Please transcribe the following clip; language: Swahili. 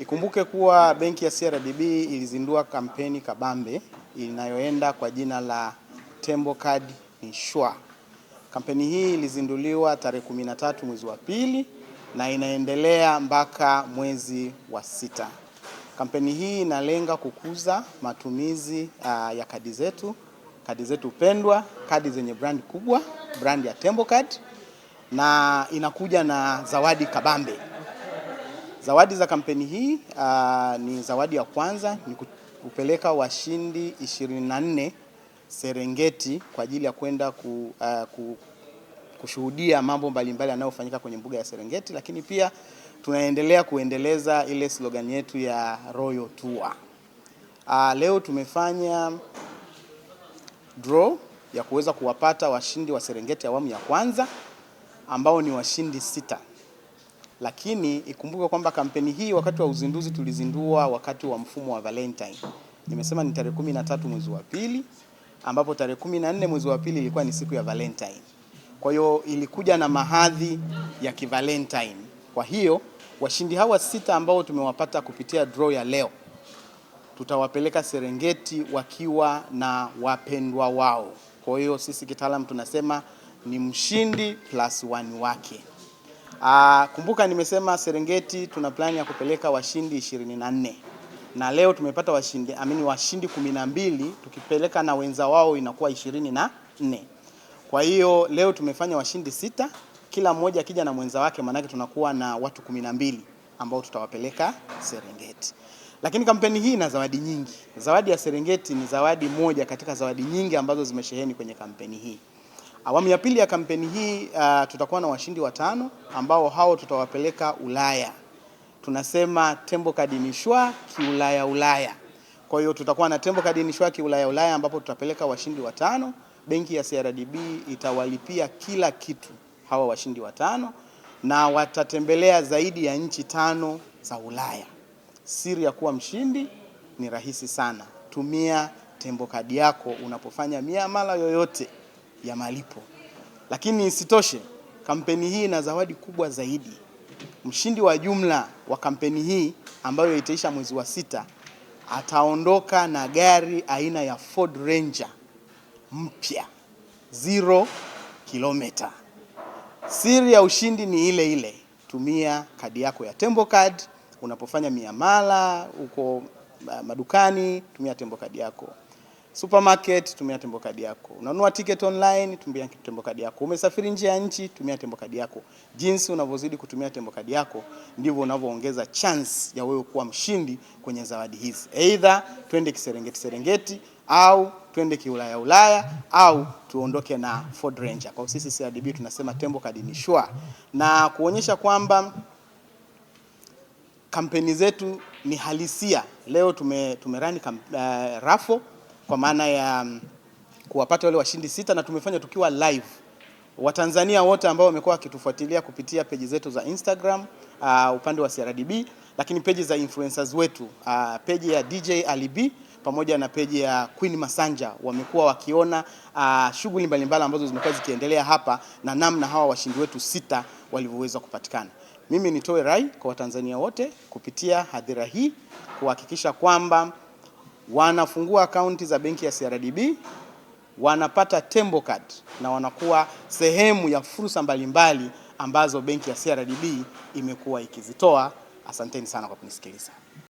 Ikumbuke kuwa benki ya CRDB ilizindua kampeni kabambe inayoenda kwa jina la Tembo Card ni Kampeni hii ilizinduliwa tarehe 13 mwezi wa pili na inaendelea mpaka mwezi wa sita. Kampeni hii inalenga kukuza matumizi uh, ya kadi zetu, kadi zetu pendwa, kadi zenye brand kubwa, brand ya Tembo Card na inakuja na zawadi kabambe. Zawadi za kampeni hii uh, ni zawadi ya kwanza ni kupeleka washindi 24 Serengeti kwa ajili ya kwenda ku, uh, ku, kushuhudia mambo mbalimbali yanayofanyika kwenye mbuga ya Serengeti, lakini pia tunaendelea kuendeleza ile slogan yetu ya Royal Tour. Uh, leo tumefanya draw ya kuweza kuwapata washindi wa Serengeti awamu ya, ya kwanza ambao ni washindi sita lakini ikumbuke kwamba kampeni hii wakati wa uzinduzi tulizindua wakati wa mfumo wa Valentine. Nimesema ni tarehe kumi na tatu mwezi wa pili, ambapo tarehe kumi na nne mwezi wa pili ilikuwa ni siku ya Valentine. Kwa hiyo ilikuja na mahadhi ya kivalentine. Kwa hiyo washindi hawa sita ambao tumewapata kupitia draw ya leo tutawapeleka Serengeti wakiwa na wapendwa wao. Kwa hiyo sisi kitaalamu tunasema ni mshindi plus one wake. Ah, kumbuka nimesema Serengeti tuna plani ya kupeleka washindi 24 na leo tumepata washindi amini washindi 12 tukipeleka na wenza wao inakuwa 24. Kwa hiyo leo tumefanya washindi sita, kila mmoja akija na mwenza wake, maanake tunakuwa na watu 12 ambao tutawapeleka Serengeti. Lakini kampeni hii ina zawadi nyingi. Zawadi ya Serengeti ni zawadi moja katika zawadi nyingi ambazo zimesheheni kwenye kampeni hii. Awamu ya pili ya kampeni hii uh, tutakuwa na washindi watano ambao hao tutawapeleka Ulaya. Tunasema tembo kadinishwa kiulaya Ulaya. Kwa hiyo tutakuwa na tembo kadinishwa kiulaya Ulaya ambapo tutapeleka washindi watano. Benki ya CRDB itawalipia kila kitu hawa washindi watano na watatembelea zaidi ya nchi tano za Ulaya. Siri ya kuwa mshindi ni rahisi sana. Tumia tembo kadi yako unapofanya miamala yoyote ya malipo. Lakini isitoshe, kampeni hii ina zawadi kubwa zaidi. Mshindi wa jumla wa kampeni hii ambayo itaisha mwezi wa sita ataondoka na gari aina ya Ford Ranger mpya zero kilometa Siri ya ushindi ni ile ile, tumia kadi yako ya Tembo Card unapofanya miamala uko eh, madukani, tumia Tembo Card yako. Supermarket tumia Tembo kadi yako. Unanunua ticket online, tumia Tembo kadi yako. Umesafiri nje ya nchi, tumia Tembo kadi yako. Jinsi unavyozidi kutumia Tembo kadi yako ndivyo unavyoongeza chance ya wewe kuwa mshindi kwenye zawadi hizi. Either twende Kiserengeti Serengeti au twende kiulaya Ulaya au tuondoke na Ford Ranger. Kwa sisi CRDB tunasema Tembo kadi ni sure, na kuonyesha kwamba kampeni zetu ni halisia. Leo tumerani tume uh, rafo kwa maana ya mm, kuwapata wale washindi sita, na tumefanya tukiwa live. Watanzania wote ambao wamekuwa wakitufuatilia kupitia peji zetu za Instagram uh, upande wa CRDB, lakini peji za influencers wetu uh, peji ya DJ Ali pamoja na peji ya Queen Masanja wamekuwa wakiona uh, shughuli mbalimbali ambazo zimekuwa zikiendelea hapa na namna hawa washindi wetu sita walivyoweza kupatikana. Mimi nitoe rai kwa Watanzania wote kupitia hadhira hii kuhakikisha kwamba wanafungua akaunti za benki ya CRDB, wanapata Tembo Card na wanakuwa sehemu ya fursa mbalimbali ambazo benki ya CRDB imekuwa ikizitoa. Asanteni sana kwa kunisikiliza.